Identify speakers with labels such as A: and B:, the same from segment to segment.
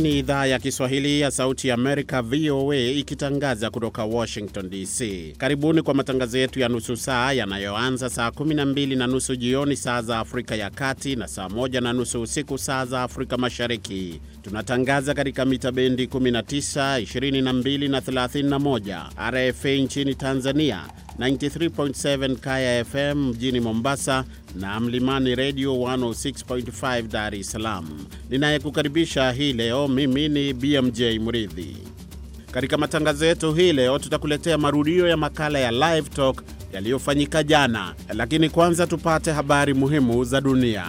A: ni idhaa ya Kiswahili ya Sauti ya Amerika, VOA, ikitangaza kutoka Washington DC. Karibuni kwa matangazo yetu ya nusu saa yanayoanza saa 12 na nusu jioni saa za Afrika ya Kati na saa 1 na nusu usiku saa za Afrika Mashariki. Tunatangaza katika mita bendi 19, 22 na 31, RFA nchini Tanzania 93.7 Kaya FM mjini Mombasa na Mlimani Radio 106.5 Dar es Salaam. Ninayekukaribisha hii leo mimi ni BMJ Mridhi. Katika matangazo yetu hii leo tutakuletea marudio ya makala ya Live Talk yaliyofanyika jana, lakini kwanza tupate habari muhimu za dunia.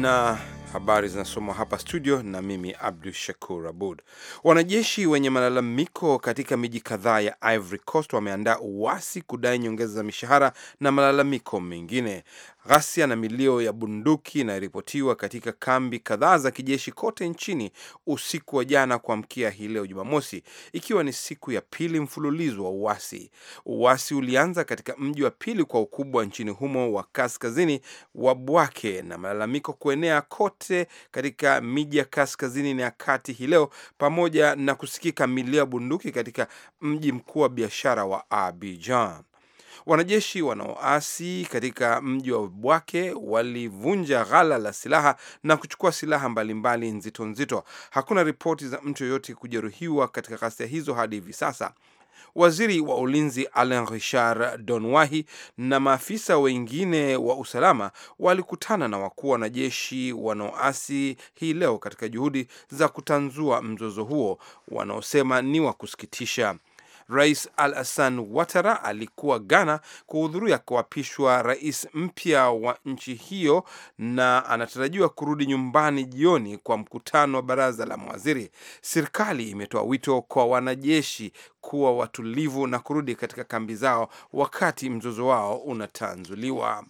B: Na Habari zinasomwa hapa studio na mimi Abdu Shakur Abud. Wanajeshi wenye malalamiko katika miji kadhaa ya Ivory Coast wameandaa uasi kudai nyongeza za mishahara na malalamiko mengine. Ghasia na milio ya bunduki inaripotiwa katika kambi kadhaa za kijeshi kote nchini usiku wa jana kuamkia hii leo Jumamosi, ikiwa ni siku ya pili mfululizo wa uasi. Uasi ulianza katika mji wa pili kwa ukubwa nchini humo wa kaskazini wa Bwake, na malalamiko kuenea kote katika miji ya kaskazini na ya kati hii leo, pamoja na kusikika milio ya bunduki katika mji mkuu wa biashara wa Abidjan. Wanajeshi wanaoasi katika mji wa Bwake walivunja ghala la silaha na kuchukua silaha mbalimbali nzito nzito. Hakuna ripoti za mtu yoyote kujeruhiwa katika ghasia hizo hadi hivi sasa. Waziri wa ulinzi Alain Richard Donwahi na maafisa wengine wa usalama walikutana na wakuu wa wanajeshi wanaoasi hii leo katika juhudi za kutanzua mzozo huo wanaosema ni wa kusikitisha. Rais Al Hassan Watara alikuwa Ghana kuhudhuria kuapishwa rais mpya wa nchi hiyo, na anatarajiwa kurudi nyumbani jioni kwa mkutano wa baraza la mawaziri. Serikali imetoa wito kwa wanajeshi kuwa watulivu na kurudi katika kambi zao wakati mzozo wao unatanzuliwa.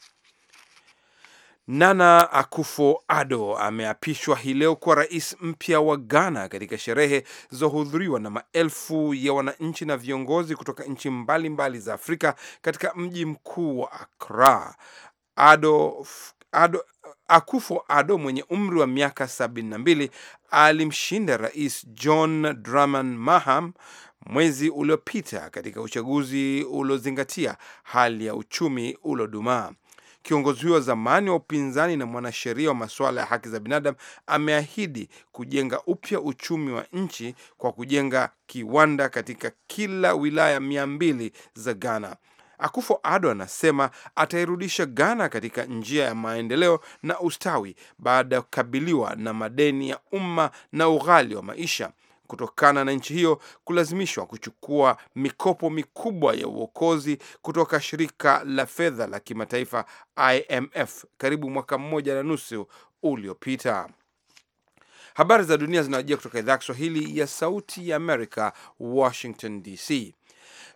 B: Nana akufo ado ameapishwa hii leo kuwa rais mpya wa Ghana katika sherehe zilizohudhuriwa na maelfu ya wananchi na viongozi kutoka nchi mbalimbali za Afrika katika mji mkuu wa Accra. Ado, Ado, akufo Ado mwenye umri wa miaka 72 alimshinda Rais John Dramani Mahama mwezi uliopita katika uchaguzi uliozingatia hali ya uchumi uliodumaa. Kiongozi huyo wa zamani wa upinzani na mwanasheria wa masuala ya haki za binadamu ameahidi kujenga upya uchumi wa nchi kwa kujenga kiwanda katika kila wilaya mia mbili za Ghana. Akufo ado anasema atairudisha Ghana katika njia ya maendeleo na ustawi baada ya kukabiliwa na madeni ya umma na ughali wa maisha kutokana na nchi hiyo kulazimishwa kuchukua mikopo mikubwa ya uokozi kutoka shirika la fedha la kimataifa IMF karibu mwaka mmoja na nusu uliopita. Habari za dunia zinawajia kutoka idhaa ya Kiswahili ya Sauti ya Amerika, Washington DC.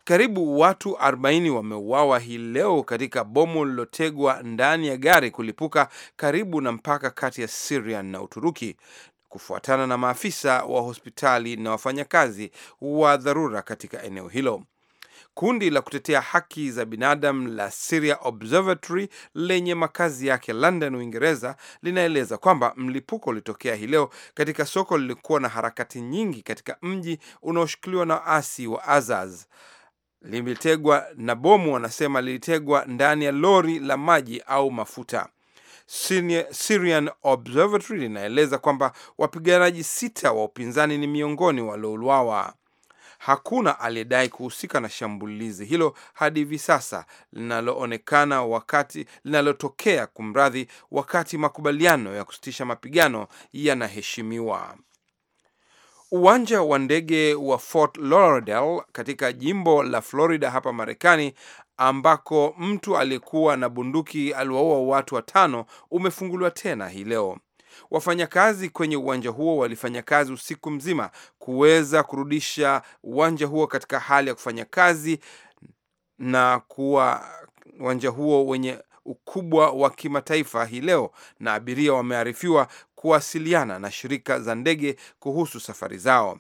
B: Karibu watu 40 wameuawa hii leo katika bomu lililotegwa ndani ya gari kulipuka karibu na mpaka kati ya siria na Uturuki kufuatana na maafisa wa hospitali na wafanyakazi wa dharura katika eneo hilo. Kundi la kutetea haki za binadamu la Syria Observatory lenye makazi yake London, Uingereza, linaeleza kwamba mlipuko ulitokea hii leo katika soko lilikuwa na harakati nyingi katika mji unaoshikiliwa na waasi wa Azaz. Limetegwa na bomu, wanasema lilitegwa ndani ya lori la maji au mafuta. Syrian Observatory linaeleza kwamba wapiganaji sita wa upinzani ni miongoni waliouawa. Hakuna aliyedai kuhusika na shambulizi hilo hadi hivi sasa linaloonekana wakati linalotokea kumradhi, wakati makubaliano ya kusitisha mapigano yanaheshimiwa. Uwanja wa ndege wa Fort Lauderdale katika jimbo la Florida hapa Marekani ambako mtu aliyekuwa na bunduki aliwaua watu watano umefunguliwa tena hii leo. Wafanyakazi kwenye uwanja huo walifanya kazi usiku mzima kuweza kurudisha uwanja huo katika hali ya kufanya kazi na kuwa uwanja huo wenye ukubwa wa kimataifa hii leo, na abiria wamearifiwa kuwasiliana na shirika za ndege kuhusu safari zao.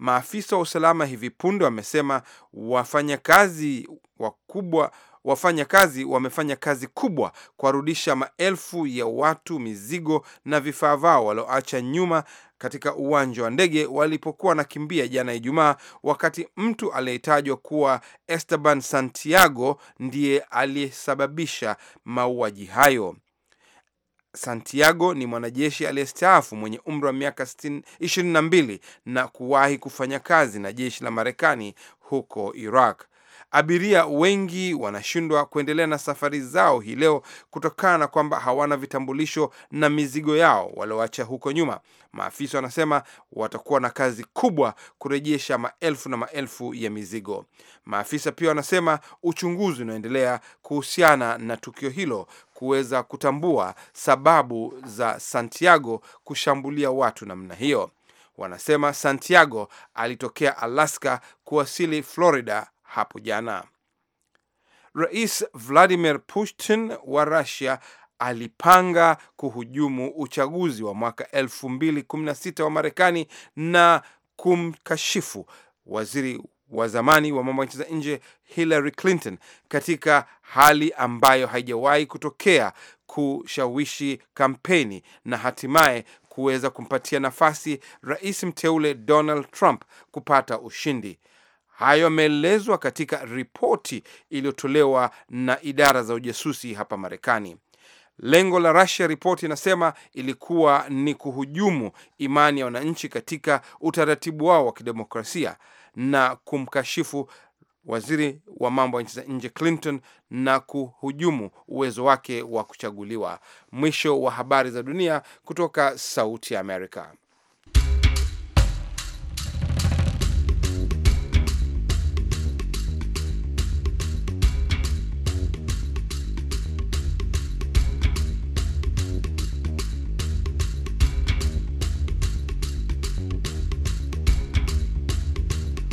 B: Maafisa wa usalama hivi punde wamesema wafanyakazi wakubwa wafanyakazi wamefanya kazi kubwa kuwarudisha maelfu ya watu, mizigo na vifaa vao walioacha nyuma katika uwanja wa ndege walipokuwa wanakimbia jana Ijumaa, wakati mtu aliyetajwa kuwa Esteban Santiago ndiye aliyesababisha mauaji hayo. Santiago ni mwanajeshi aliyestaafu mwenye umri wa miaka ishirini na mbili na kuwahi kufanya kazi na jeshi la Marekani huko Iraq. Abiria wengi wanashindwa kuendelea na safari zao hii leo kutokana na kwamba hawana vitambulisho na mizigo yao walioacha huko nyuma. Maafisa wanasema watakuwa na kazi kubwa kurejesha maelfu na maelfu ya mizigo. Maafisa pia wanasema uchunguzi unaendelea kuhusiana na tukio hilo kuweza kutambua sababu za Santiago kushambulia watu namna hiyo. Wanasema Santiago alitokea Alaska kuwasili Florida hapo jana. Rais Vladimir Putin wa Russia alipanga kuhujumu uchaguzi wa mwaka 2016 wa Marekani na kumkashifu waziri wa zamani wa mambo ya nchi za nje Hillary Clinton katika hali ambayo haijawahi kutokea, kushawishi kampeni na hatimaye kuweza kumpatia nafasi rais mteule Donald Trump kupata ushindi. Hayo yameelezwa katika ripoti iliyotolewa na idara za ujasusi hapa Marekani. Lengo la Russia, ripoti inasema, ilikuwa ni kuhujumu imani ya wananchi katika utaratibu wao wa kidemokrasia na kumkashifu waziri wa mambo ya nchi za nje Clinton na kuhujumu uwezo wake wa kuchaguliwa. Mwisho wa habari za dunia kutoka Sauti ya Amerika.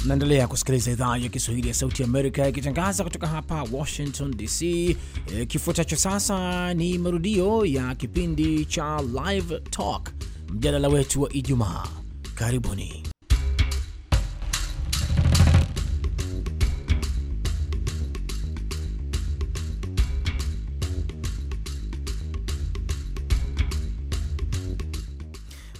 C: Naendelea kusikiliza idhaa ya Kiswahili ya Sauti Amerika ikitangaza kutoka hapa Washington DC. E, eh, kifuatacho sasa ni marudio ya kipindi cha Live Talk, mjadala wetu wa Ijumaa. Karibuni.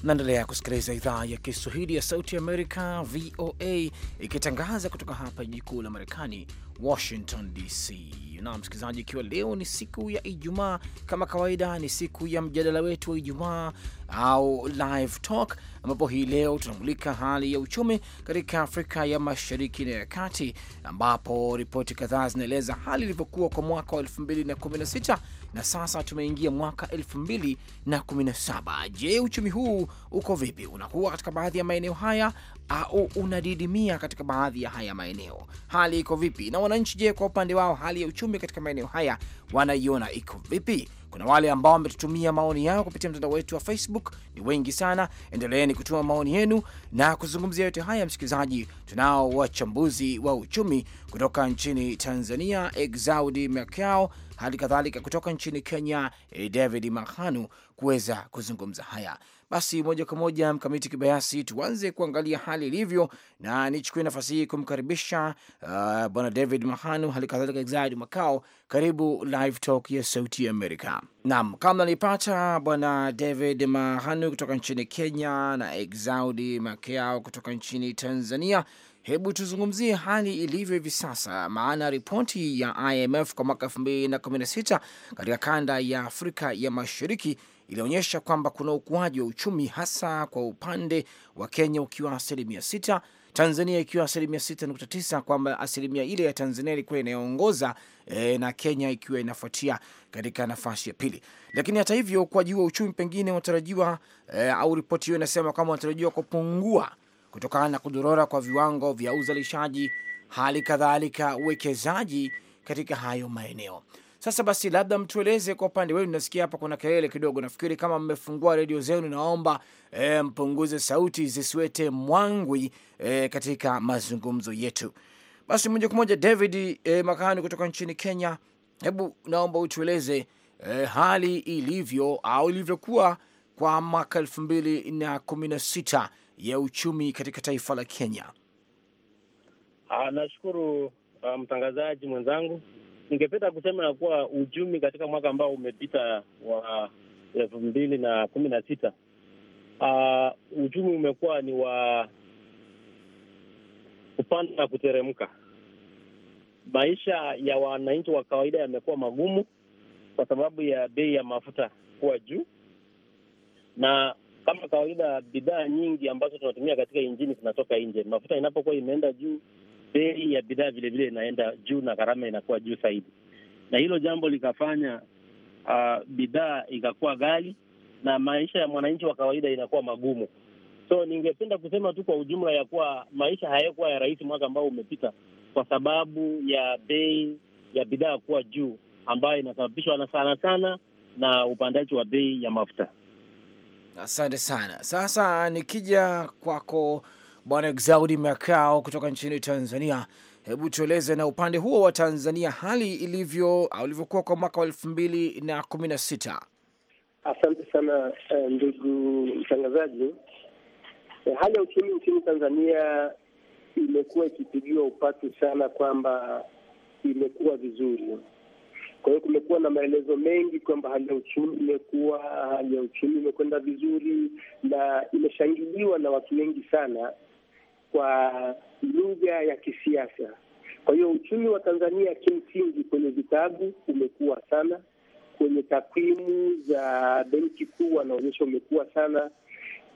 C: Naendelea kusikiliza idhaa ya Kiswahili ya Sauti ya Amerika, VOA, ikitangaza kutoka hapa jiji kuu la Marekani, Washington DC. Na msikilizaji, ikiwa leo ni siku ya Ijumaa, kama kawaida, ni siku ya mjadala wetu wa Ijumaa au live talk, ambapo hii leo tunamulika hali ya uchumi katika Afrika ya Mashariki na ya Kati, ambapo ripoti kadhaa zinaeleza hali ilivyokuwa kwa mwaka wa 2016 na sasa tumeingia mwaka 2017. Je, uchumi huu uko vipi? Unakuwa katika baadhi ya maeneo haya au unadidimia katika baadhi ya haya maeneo? Hali iko vipi? Na wananchi, je, kwa upande wao hali ya uchumi katika maeneo haya wanaiona iko vipi? Kuna wale ambao wametutumia maoni yao kupitia mtandao wetu wa Facebook, ni wengi sana. Endeleeni kutuma maoni yenu na kuzungumzia yote haya. Msikilizaji, tunao wachambuzi wa uchumi kutoka nchini Tanzania, Exaudi Macao, hali kadhalika kutoka nchini Kenya, David Mahanu, kuweza kuzungumza haya. Basi moja kwa moja, Mkamiti Kibayasi, tuanze kuangalia hali ilivyo, na nichukue nafasi hii kumkaribisha uh, bwana David Mahanu, hali kadhalika Exaid Makao. Karibu Live Talk ya Sauti ya Amerika. Naam, kama nalipata bwana David Mahanu kutoka nchini Kenya na Exaudi Makao kutoka nchini Tanzania. Hebu tuzungumzie hali ilivyo hivi sasa, maana ripoti ya IMF kwa mwaka 2016 katika kanda ya Afrika ya Mashariki ilionyesha kwamba kuna ukuaji wa uchumi hasa kwa upande wa Kenya ukiwa asilimia sita, Tanzania ikiwa asilimia sita nukta tisa, kwamba asilimia ile ya Tanzania ilikuwa inayoongoza e, na Kenya ikiwa inafuatia katika nafasi ya pili. Lakini hata hivyo ukuaji wa uchumi pengine unatarajiwa e, au ripoti hiyo inasema kwamba unatarajiwa kupungua kutokana na kudorora kwa viwango vya uzalishaji, hali kadhalika uwekezaji katika hayo maeneo. Sasa basi, labda mtueleze kwa upande wenu, nasikia hapa kuna kelele kidogo, nafikiri kama mmefungua redio zenu, naomba e, mpunguze sauti zisiwete mwangwi e, katika mazungumzo yetu. Basi moja kwa moja David e, eh, Makani kutoka nchini Kenya, hebu naomba utueleze e, hali ilivyo au ilivyokuwa kwa mwaka elfu mbili na kumi na sita ya uchumi katika taifa la Kenya.
D: Ah, nashukuru ah, mtangazaji um, mwenzangu ningependa kusema ya kuwa uchumi katika mwaka ambao umepita wa elfu mbili na kumi na sita uh, uchumi umekuwa ni wa kupanda na kuteremka. Maisha ya wananchi wa kawaida yamekuwa magumu kwa sababu ya bei ya mafuta kuwa juu, na kama kawaida, bidhaa nyingi ambazo tunatumia katika injini zinatoka nje. Mafuta inapokuwa imeenda juu, bei ya bidhaa vilevile inaenda juu na gharama inakuwa juu zaidi, na hilo jambo likafanya uh, bidhaa ikakuwa ghali na maisha ya mwananchi wa kawaida inakuwa magumu. So ningependa kusema tu kwa ujumla ya kuwa maisha hayakuwa ya rahisi mwaka ambao umepita, kwa sababu ya bei ya bidhaa kuwa juu, ambayo inasababishwa na sana sana na upandaji wa bei ya mafuta.
C: Asante sana. Sasa nikija kwako Bwana Exaudi makao kutoka nchini Tanzania, hebu tueleze na upande huo wa Tanzania hali ilivyo au ilivyokuwa kwa mwaka wa elfu mbili na kumi na sita.
D: Asante sana eh, ndugu mtangazaji. Eh, hali ya uchumi nchini Tanzania imekuwa ikipigiwa upatu sana kwamba imekuwa vizuri. Kwa hiyo kumekuwa na maelezo mengi kwamba hali ya uchumi imekuwa, hali ya uchumi imekwenda vizuri na imeshangiliwa na watu wengi sana kwa lugha ya kisiasa. Kwa hiyo uchumi wa Tanzania kimsingi, kwenye vitabu umekuwa sana, kwenye takwimu za benki kuu wanaonyesha umekuwa sana,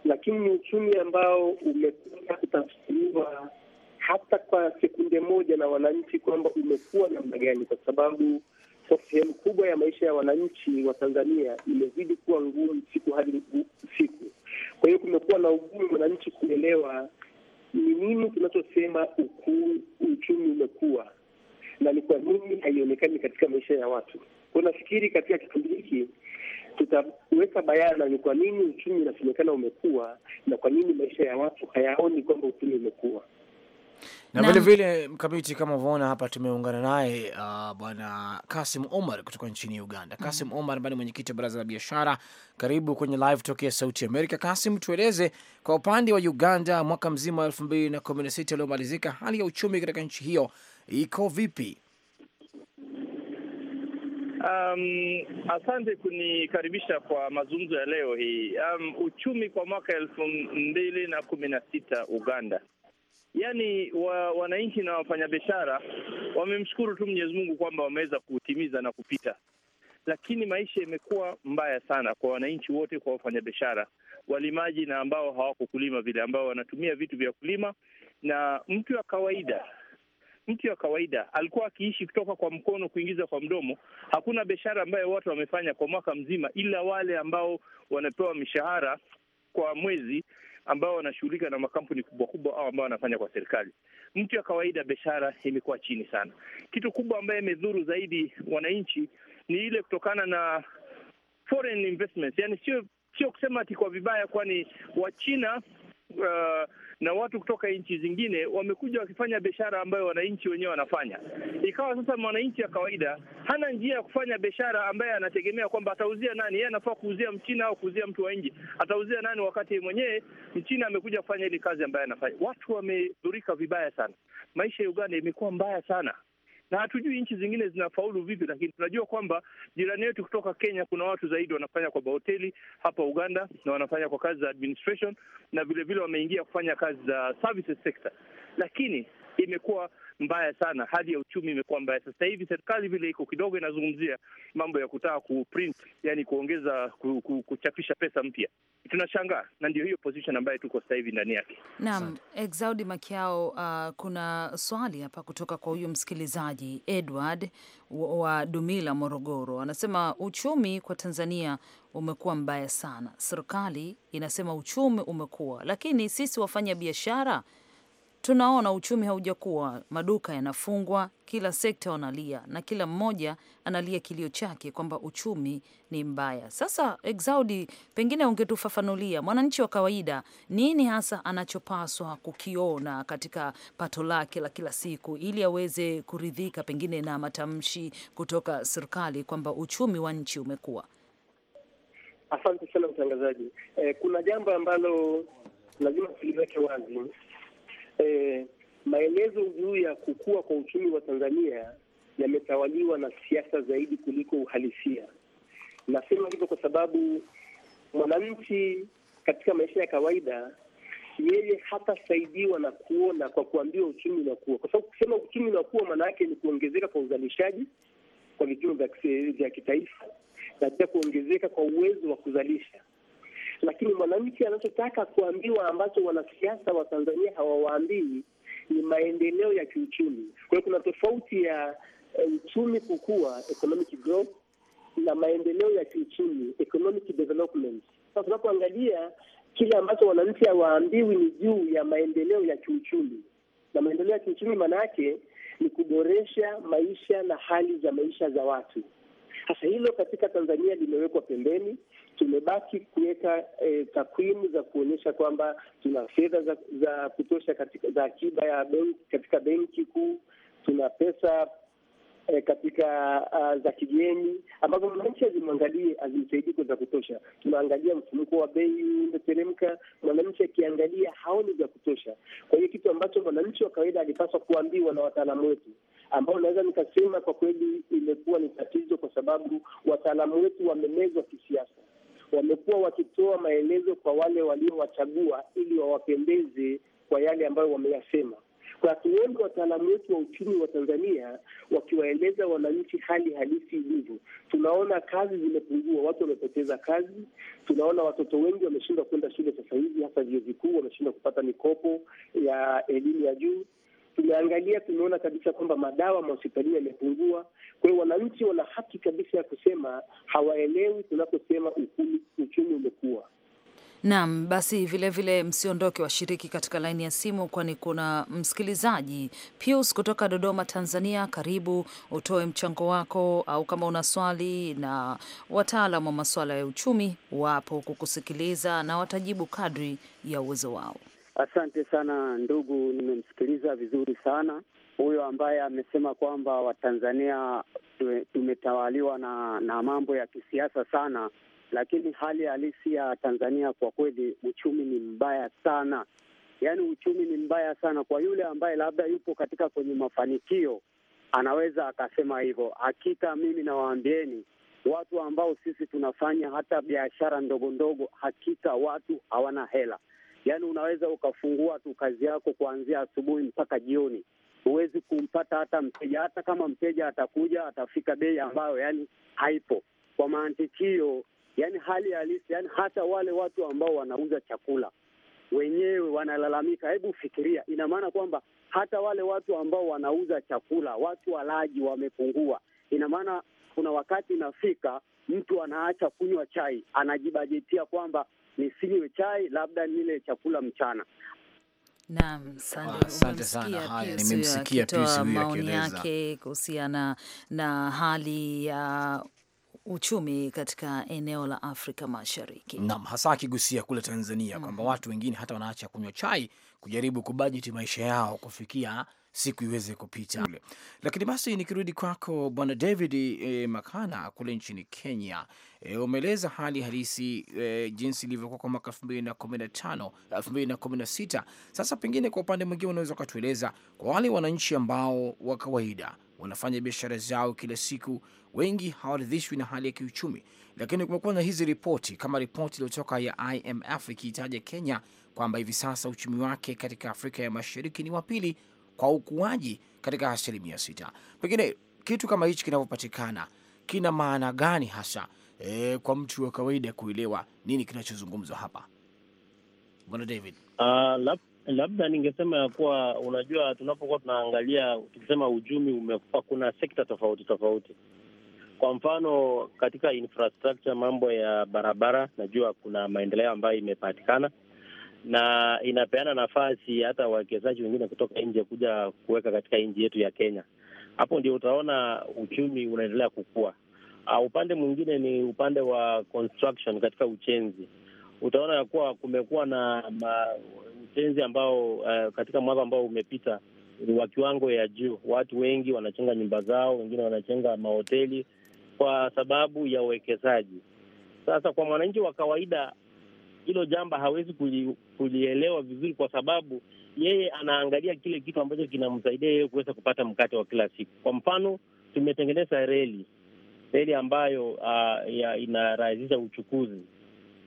D: lakini ni uchumi ambao umekua kutafsiriwa hata kwa sekunde moja na wananchi kwamba umekuwa namna gani, kwa sababu kwa sehemu kubwa ya maisha ya wananchi wa Tanzania imezidi kuwa ngumu siku hadi siku. Kwa hiyo kumekuwa na ugumu wananchi kuelewa ni nini tunachosema uchumi umekuwa na ni kwa nini haionekani katika maisha ya watu. Kwa nafikiri katika kipindi hiki tutaweka bayana ni kwa nini uchumi unasemekana umekuwa na kwa nini maisha ya watu hayaoni kwamba uchumi umekuwa
C: na vilevile mkamiti, kama unavyoona hapa, tumeungana naye uh, bwana Kasim Omar kutoka nchini Uganda. Mm-hmm. Kasim mm -hmm. Omar ambaye ni mwenyekiti wa baraza la biashara. Karibu kwenye live talk ya Sauti Amerika. Kasim, tueleze kwa upande wa Uganda, mwaka mzima wa elfu mbili na kumi na sita uliomalizika, hali ya uchumi katika nchi hiyo iko vipi?
E: Um, asante kunikaribisha kwa mazungumzo ya leo hii. Um, uchumi kwa mwaka elfu mbili na kumi na sita Uganda yani wa, wananchi na wafanyabiashara wamemshukuru tu Mwenyezi Mungu kwamba wameweza kutimiza na kupita, lakini maisha imekuwa mbaya sana kwa wananchi wote, kwa wafanyabiashara, walimaji na ambao hawakukulima vile, ambao wanatumia vitu vya kulima, na mtu wa kawaida mtu wa kawaida alikuwa akiishi kutoka kwa mkono kuingiza kwa mdomo. Hakuna biashara ambayo watu wamefanya kwa mwaka mzima, ila wale ambao wanapewa mishahara kwa mwezi ambao wanashughulika na makampuni kubwa kubwa au ambao wanafanya kwa serikali. Mtu ya kawaida, biashara imekuwa chini sana. Kitu kubwa ambayo imedhuru zaidi wananchi ni ile kutokana na foreign investments, yani sio sio kusema ati kwa vibaya, kwani Wachina uh, na watu kutoka nchi zingine wamekuja wakifanya biashara ambayo wananchi wenyewe wanafanya. Ikawa sasa mwananchi wa kawaida hana njia ya kufanya biashara ambaye anategemea kwamba atauzia nani. Yeye anafaa kuuzia Mchina au kuuzia mtu wa nje, atauzia nani wakati mwenyewe Mchina amekuja kufanya ile kazi ambayo anafanya. Watu wamedhurika vibaya sana, maisha ya Uganda imekuwa mbaya sana na hatujui nchi zingine zinafaulu vipi, lakini tunajua kwamba jirani yetu kutoka Kenya kuna watu zaidi wanafanya kwa bahoteli hapa Uganda na wanafanya kwa kazi za administration na vilevile wameingia kufanya kazi za services sector, lakini imekuwa mbaya sana, hali ya uchumi imekuwa mbaya. Sasa hivi serikali vile iko kidogo inazungumzia mambo ya kutaka kuprint, yani kuongeza kuchapisha pesa mpya. Tunashangaa, na ndio hiyo position ambayo tuko sasa hivi ndani yake.
F: Naam, Exaudi Makiao, uh, kuna swali hapa kutoka kwa huyu msikilizaji Edward wa Dumila, Morogoro, anasema uchumi kwa Tanzania umekuwa mbaya sana. Serikali inasema uchumi umekuwa, lakini sisi wafanya biashara tunaona uchumi haujakuwa, maduka yanafungwa, kila sekta wanalia na kila mmoja analia kilio chake kwamba uchumi ni mbaya. Sasa Exaudi, pengine ungetufafanulia mwananchi wa kawaida nini hasa anachopaswa kukiona katika pato lake la kila siku, ili aweze kuridhika pengine na matamshi kutoka serikali kwamba uchumi wa nchi umekuwa.
D: Asante sana mtangazaji. Eh, kuna jambo ambalo lazima tuliweke wazi eh, maelezo juu ya kukua kwa uchumi wa Tanzania yametawaliwa na siasa zaidi kuliko uhalisia. Nasema hivyo kwa sababu mwananchi katika maisha ya kawaida yeye hatasaidiwa na kuona kwa kuambiwa uchumi unakuwa, kwa sababu kusema uchumi unakuwa maana yake ni kuongezeka kwa uzalishaji kwa vituo vya kitaifa na pia kuongezeka kwa uwezo wa kuzalisha lakini mwananchi anachotaka kuambiwa ambacho wanasiasa wa Tanzania hawawaambii ni maendeleo ya kiuchumi. Kwa hiyo kuna tofauti ya eh, uchumi kukua, economic growth, na maendeleo ya kiuchumi, economic development. Sasa tunapoangalia kile ambacho wananchi hawaambiwi ni juu ya maendeleo ya kiuchumi, na maendeleo ya kiuchumi maana yake ni kuboresha maisha na hali za maisha za watu. Sasa hilo katika Tanzania limewekwa pembeni. Tumebaki kuweka eh, takwimu za kuonyesha kwamba tuna fedha za, za kutosha katika, za akiba ya benki katika benki kuu tuna pesa eh, katika uh, za kigeni ambazo mwananchi azimwangalie azimsaidiko za kutosha. Tunaangalia mfumuko wa bei umeteremka, mwananchi akiangalia haoni vya kutosha. Kwa hiyo kitu ambacho mwananchi wa kawaida alipaswa kuambiwa na wataalamu wetu, ambao naweza nikasema kwa kweli imekuwa ni tatizo, kwa sababu wataalamu wetu wamemezwa kisiasa wamekuwa wakitoa maelezo kwa wale waliowachagua ili wawapendeze kwa yale ambayo wameyasema. Hatuoni wataalamu wetu wa uchumi wa Tanzania wakiwaeleza wananchi hali halisi ilivyo. Tunaona kazi zimepungua, watu wamepoteza kazi. Tunaona watoto wengi wameshindwa kwenda shule sasa hivi, hasa vyuo vikuu, wameshindwa kupata mikopo ya elimu ya juu. Tumeangalia, tumeona kabisa kwamba madawa mahospitalini yamepungua. Kwa hiyo wananchi wana haki kabisa ya kusema hawaelewi tunaposema uchumi
F: umekuwa Naam, basi vilevile msiondoke washiriki katika laini ya simu, kwani kuna msikilizaji Pius kutoka Dodoma, Tanzania. Karibu utoe mchango wako, au kama una swali, na wataalam wa masuala ya uchumi wapo kukusikiliza na watajibu kadri ya uwezo wao.
G: Asante sana ndugu, nimemsikiliza vizuri sana huyo ambaye amesema kwamba Watanzania tumetawaliwa na, na mambo ya kisiasa sana lakini hali halisi ya Tanzania kwa kweli, uchumi ni mbaya sana, yaani uchumi ni mbaya sana. Kwa yule ambaye labda yupo katika kwenye mafanikio anaweza akasema hivyo. Hakika mimi nawaambieni watu ambao sisi tunafanya hata biashara ndogo ndogo, hakika watu hawana hela. Yaani unaweza ukafungua tu kazi yako kuanzia asubuhi mpaka jioni, huwezi kumpata hata mteja. Hata kama mteja atakuja, atafika bei ambayo yani haipo. Kwa mantikio yani hali halisi, yani hata wale watu ambao wanauza chakula wenyewe wanalalamika. Hebu fikiria, ina maana kwamba hata wale watu ambao wanauza chakula, watu walaji wamepungua. Ina maana kuna wakati inafika mtu anaacha kunywa chai, anajibajetia kwamba nisinywe chai, labda nile chakula mchana.
F: Naam, ah, nimemsikia Pius yake kuhusiana na hali ya uh, uchumi katika eneo la Afrika Mashariki. Naam,
C: hasa akigusia kule Tanzania mm -hmm. kwamba mm-hmm. watu wengine hata wanaacha kunywa chai kujaribu kubajeti maisha yao kufikia siku iweze kupita. mm -hmm. Lakini basi nikirudi kwako Bwana David e, Makana kule nchini Kenya e, umeeleza hali halisi e, jinsi ilivyokuwa kwa mwaka elfu mbili na kumi na tano elfu mbili na kumi na sita Sasa pengine kwa upande mwingine unaweza ukatueleza kwa wale wananchi ambao wa kawaida wanafanya biashara zao kila siku, wengi hawaridhishwi na hali ya kiuchumi. Lakini kumekuwa na hizi ripoti kama ripoti iliyotoka ya IMF ikiitaja Kenya kwamba hivi sasa uchumi wake katika Afrika ya Mashariki ni wa pili kwa ukuaji katika asilimia sita. Pengine kitu kama hichi kinavyopatikana kina maana gani hasa e, kwa mtu wa kawaida kuelewa nini kinachozungumzwa hapa, bwana David?
D: Uh, Labda ningesema ya kuwa unajua, tunapokuwa tunaangalia tukisema uchumi umekuwa, kuna sekta tofauti tofauti. Kwa mfano katika infrastructure, mambo ya barabara, najua kuna maendeleo ambayo imepatikana na inapeana nafasi hata wawekezaji wengine kutoka nje kuja kuweka katika nchi yetu ya Kenya. Hapo ndio utaona uchumi unaendelea kukua. Uh, upande mwingine ni upande wa construction, katika ujenzi utaona ya kuwa kumekuwa na ma, ujenzi ambao uh, katika mwaka ambao umepita ni wa kiwango ya juu. Watu wengi wanachenga nyumba zao, wengine wanachenga mahoteli kwa sababu ya uwekezaji. Sasa kwa mwananchi wa kawaida hilo jambo hawezi kulielewa vizuri, kwa sababu yeye anaangalia kile kitu ambacho kinamsaidia yeye kuweza kupata mkate wa kila siku. Kwa mfano, tumetengeneza reli, reli ambayo uh, inarahisisha uchukuzi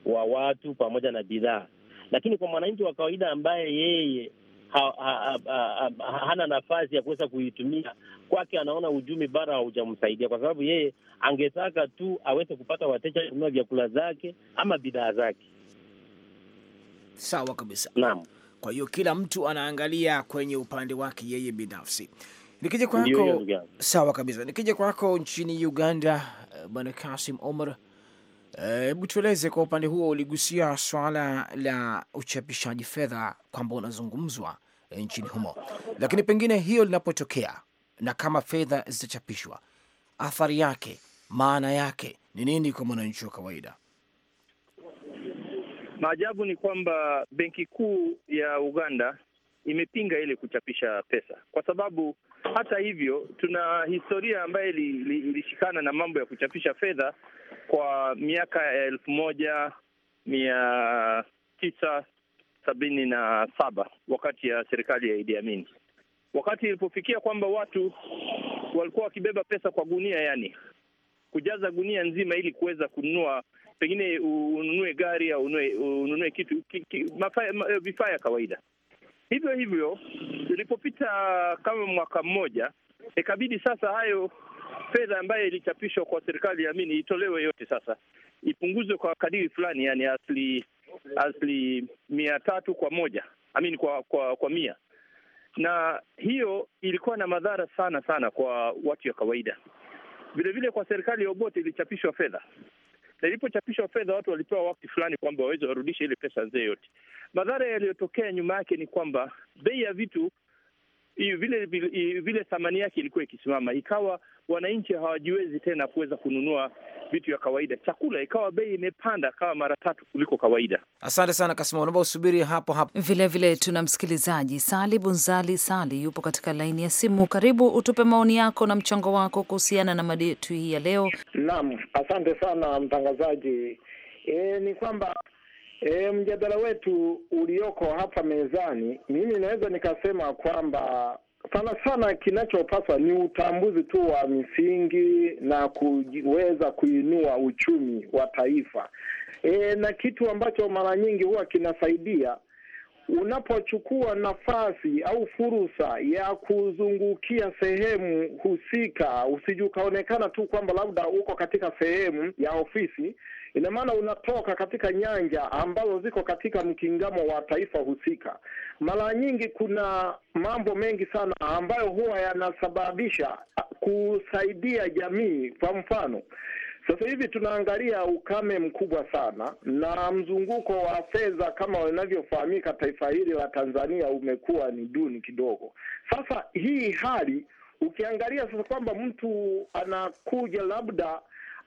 D: wa watu pamoja na bidhaa. Lakini kwa mwananchi wa kawaida ambaye yeye ha, ha, ha, ha, hana nafasi ya kuweza kuitumia kwake, anaona ujumi bara haujamsaidia, kwa sababu yeye angetaka tu aweze kupata wateja kununua vyakula zake ama bidhaa zake.
C: Sawa kabisa, naam. Kwa hiyo kila mtu anaangalia kwenye upande wake yeye binafsi. Nikija kwako, sawa kabisa. Nikija kwako nchini Uganda, eh, bwana Kasim Omar Hebu tueleze kwa upande huo, uligusia swala la uchapishaji fedha kwamba unazungumzwa eh, nchini humo, lakini pengine hiyo linapotokea na kama fedha zitachapishwa, athari yake, maana yake ni nini kwa mwananchi wa kawaida?
E: Maajabu ni kwamba benki kuu ya Uganda imepinga ile kuchapisha pesa kwa sababu hata hivyo, tuna historia ambayo ilishikana na mambo ya kuchapisha fedha kwa miaka ya elfu moja mia tisa sabini na saba wakati ya serikali ya Idi Amin, wakati ilipofikia kwamba watu walikuwa wakibeba pesa kwa gunia, yani kujaza gunia nzima ili kuweza kununua pengine ununue gari au ununue kitu vifaa ya kawaida. Hivyo hivyo ilipopita kama mwaka mmoja, ikabidi sasa hayo fedha ambayo ilichapishwa kwa serikali ya amini itolewe yote, sasa ipunguzwe kwa kadiri fulani, yani asli asli mia tatu kwa moja amini kwa kwa kwa mia, na hiyo ilikuwa na madhara sana sana kwa watu ya kawaida. Vilevile kwa serikali ya Obote ilichapishwa fedha na ilipochapishwa fedha, watu walipewa wakati fulani kwamba waweze warudishe ile pesa zee yote. Madhara yaliyotokea nyuma yake ni kwamba bei ya vitu vile vile thamani yake ilikuwa ikisimama, ikawa wananchi hawajiwezi tena kuweza kununua vitu ya kawaida, chakula ikawa bei imepanda kama mara tatu kuliko kawaida.
F: Asante sana Kasima, unaomba usubiri hapo hapo. Vilevile tuna msikilizaji Sali Bunzali Sali yupo katika laini ya simu. Karibu utupe maoni yako na mchango wako kuhusiana na mada yetu hii ya leo.
H: Naam, asante sana mtangazaji. E, ni kwamba e, mjadala wetu ulioko hapa mezani, mimi naweza nikasema kwamba sana sana kinachopaswa ni utambuzi tu wa misingi na kuweza kuinua uchumi wa taifa. E, na kitu ambacho mara nyingi huwa kinasaidia unapochukua nafasi au fursa ya kuzungukia sehemu husika, usije ukaonekana tu kwamba labda uko katika sehemu ya ofisi Ina maana unatoka katika nyanja ambazo ziko katika mkingamo wa taifa husika. Mara nyingi kuna mambo mengi sana ambayo huwa yanasababisha kusaidia jamii. Kwa mfano sasa hivi tunaangalia ukame mkubwa sana na mzunguko wa fedha kama unavyofahamika, taifa hili la Tanzania umekuwa ni duni kidogo. Sasa hii hali ukiangalia sasa kwamba mtu anakuja labda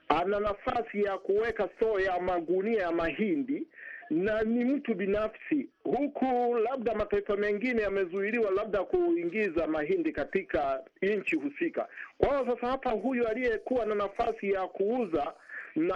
H: ana nafasi ya kuweka soo ya magunia ya mahindi na ni mtu binafsi, huku labda mataifa mengine yamezuiliwa labda kuingiza mahindi katika nchi husika. Kwa hiyo sasa hapa huyu aliyekuwa na nafasi ya kuuza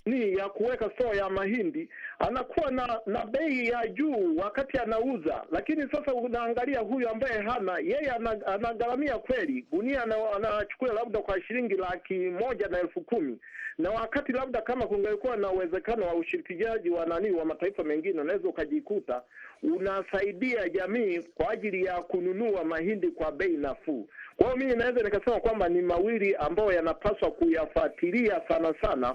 H: ni ya kuweka soo ya mahindi anakuwa na na bei ya juu wakati anauza, lakini sasa unaangalia huyu ambaye hana yeye, anagharamia kweli gunia anachukua labda kwa shilingi laki moja na elfu kumi na wakati labda kama kungekuwa na uwezekano wa ushirikishaji wa nani wa mataifa mengine, unaweza ukajikuta unasaidia jamii kwa ajili ya kununua mahindi kwa bei nafuu. Kwa hiyo mimi naweza nikasema kwamba ni mawili ambayo yanapaswa kuyafuatilia sana sana,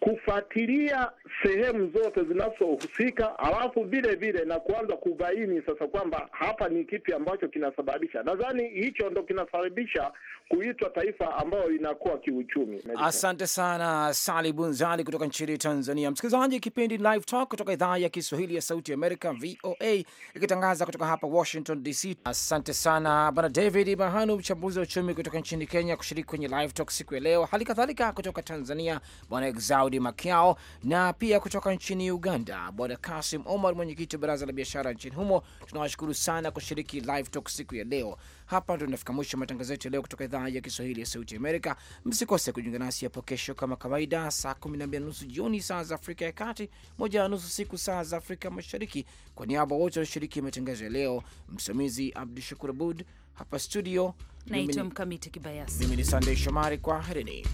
H: kufuatilia sehemu zote zina zinazohusika, alafu vile vile na kuanza kubaini sasa kwamba hapa ni kipi ambacho kinasababisha. Nadhani hicho ndo kinasababisha kuitwa taifa ambayo inakuwa kiuchumi. Asante
C: sana Sali Bunzali kutoka nchini Tanzania. Msikilizaji, kipindi Live Talk kutoka idhaa ya Kiswahili ya Sauti ya Amerika, VOA, ikitangaza kutoka hapa Washington DC. Asante sana Bwana David Mahanu, mchambuzi wa uchumi kutoka nchini Kenya, kushiriki kwenye Live Talk siku ya leo. Hali kadhalika kutoka Tanzania, Bwana Exaudi Makiao, na pia kutoka nchini Uganda Uganda, Bwana Kasim Omar, mwenyekiti wa baraza la biashara nchini humo. Tunawashukuru sana kushiriki live talk siku ya leo. Hapa ndo tunafika mwisho matangazo yetu ya leo kutoka idhaa ya Kiswahili ya Sauti Amerika. Msikose kujiunga nasi hapo kesho kama kawaida, saa kumi na mbili na nusu jioni saa za Afrika ya Kati, moja na nusu siku saa za Afrika Mashariki. Kwa niaba wote walioshiriki matangazo ya leo, msimamizi Abdu Shakur Abud hapa studio, naitwa
F: Mkamiti Kibayasi, mimi ni Sandey
C: Shomari. kwa Kwaherini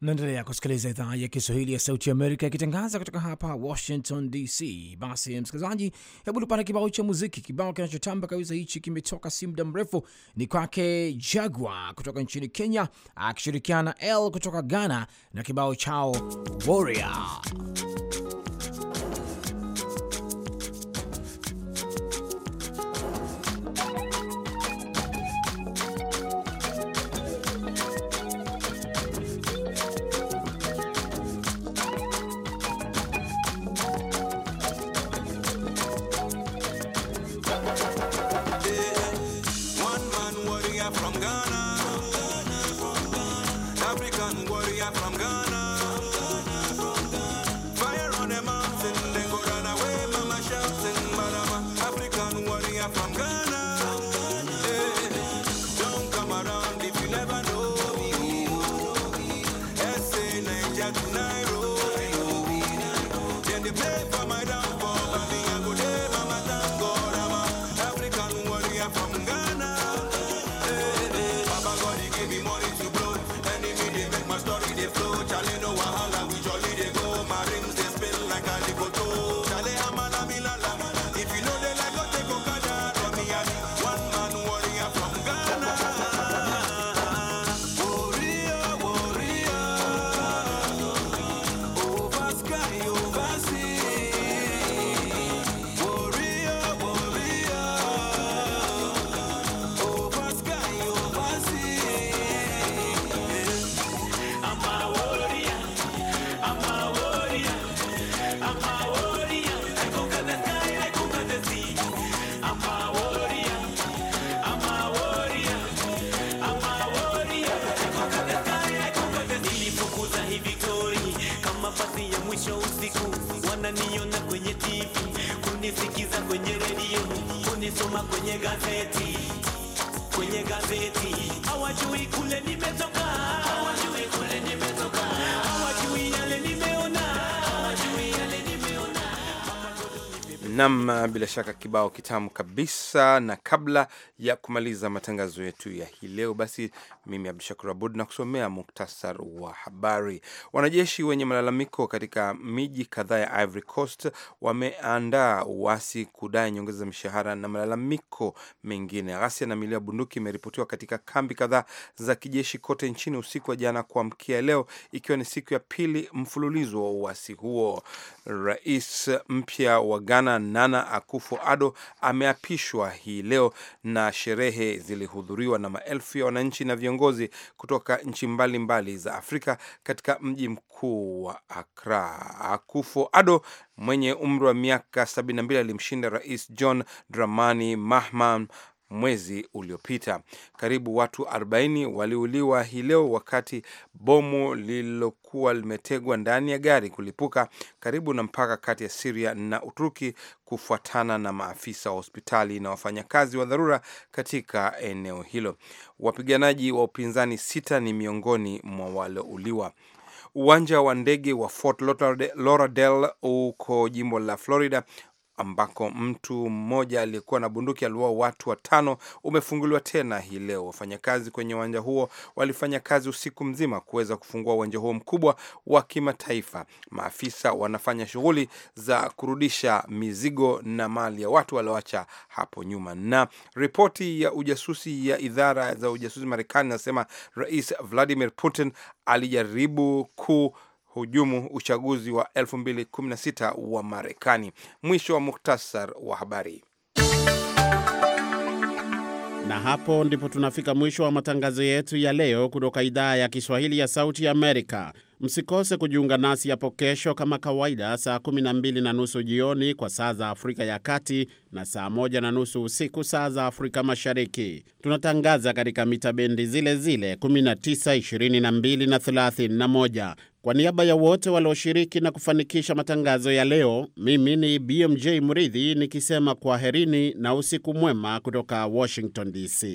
C: naendelea kusikiliza idhaa ya Kiswahili ya Sauti Amerika ikitangaza kutoka hapa Washington DC. Basi msikilizaji, hebu tupate kibao cha muziki. Kibao kinachotamba kabisa hichi kimetoka si muda mrefu, ni kwake Jagwa kutoka nchini Kenya akishirikiana L kutoka Ghana na kibao chao Warrior.
B: never
G: kwenye gazeti
B: Nam, bila shaka kibao kitamu kabisa. Na kabla ya kumaliza matangazo yetu ya hii leo, basi mimi Abdu Shakur Abud na kusomea muktasar wa habari. Wanajeshi wenye malalamiko katika miji kadhaa ya Ivory Coast wameandaa uasi kudai nyongeza za mishahara na malalamiko mengine. Ghasia na milio ya bunduki imeripotiwa katika kambi kadhaa za kijeshi kote nchini usiku wa jana kuamkia leo, ikiwa ni siku ya pili mfululizo wa uasi huo. Rais mpya wa Ghana Nana akufo Ado ameapishwa hii leo, na sherehe zilihudhuriwa na maelfu ya wananchi na viongozi kutoka nchi mbalimbali mbali za Afrika katika mji mkuu wa Accra. akufo ado mwenye umri wa miaka 72 alimshinda Rais John Dramani Mahama mwezi uliopita. Karibu watu 40 waliuliwa hii leo wakati bomu lililokuwa limetegwa ndani ya gari kulipuka karibu na mpaka kati ya Siria na Uturuki, kufuatana na maafisa wa hospitali na wafanyakazi wa dharura katika eneo hilo. Wapiganaji wa upinzani sita ni miongoni mwa waliouliwa. Uwanja wa ndege wa Fort Lauderdale uko jimbo la Florida ambako mtu mmoja aliyekuwa na bunduki aliua watu watano umefunguliwa tena hii leo. Wafanyakazi kwenye uwanja huo walifanya kazi usiku mzima kuweza kufungua uwanja huo mkubwa wa kimataifa. Maafisa wanafanya shughuli za kurudisha mizigo na mali ya watu walioacha hapo nyuma. Na ripoti ya ujasusi ya idara za ujasusi Marekani inasema Rais Vladimir Putin alijaribu ku hujumu uchaguzi wa 2016
A: wa Marekani. Mwisho wa muhtasar wa habari. Na hapo ndipo tunafika mwisho wa matangazo yetu ya leo kutoka idhaa ya Kiswahili ya Sauti ya Amerika. Msikose kujiunga nasi hapo kesho kama kawaida, saa 12 na nusu jioni kwa saa za Afrika ya Kati na saa 1 na nusu usiku saa za Afrika Mashariki. Tunatangaza katika mita bendi zile zile 19, 22 na 31. Kwa niaba ya wote walioshiriki na kufanikisha matangazo ya leo, mimi ni BMJ Mridhi nikisema kwaherini na usiku mwema kutoka Washington DC.